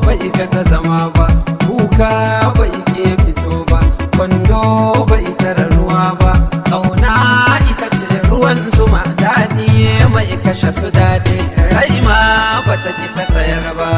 ba ita ta zama ba kuka bai ke fito ba kwando ba tara ruwa ba ƙauna ita ce ruwan zuma daɗi mai kashe su daɗi rai ma bata ki ta tsayar ba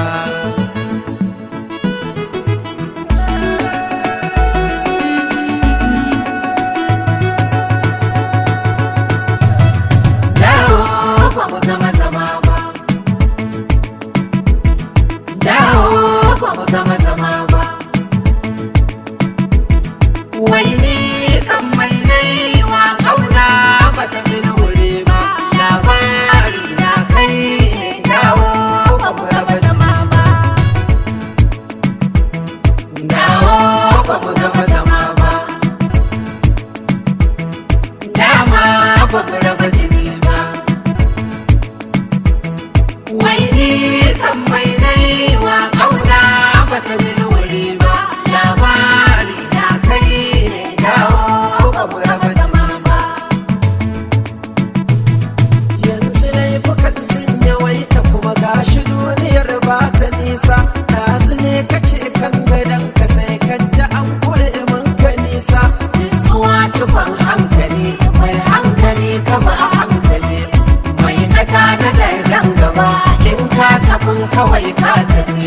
ba in ka tafin kawai ka tafi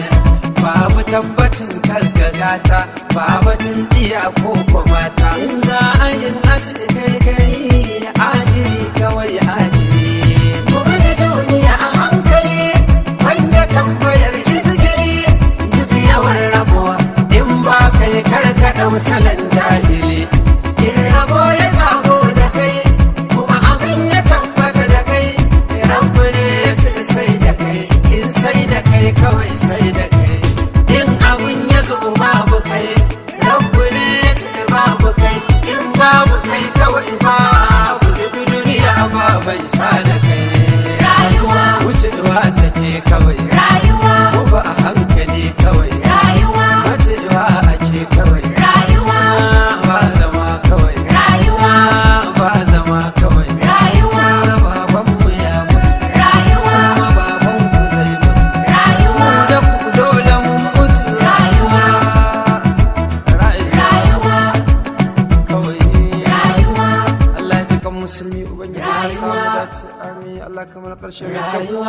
babu tabbacin karkagata babu tun iya ko mata in za a yi kai kai mai sai da kai in abin ya zo babu kai rabu ne ya ce babu kai in babu kai kawai babu duk duniya ba bai sa da kai rayuwa wucewa take kawai ce amin Allah kamar ƙarshen mai kyau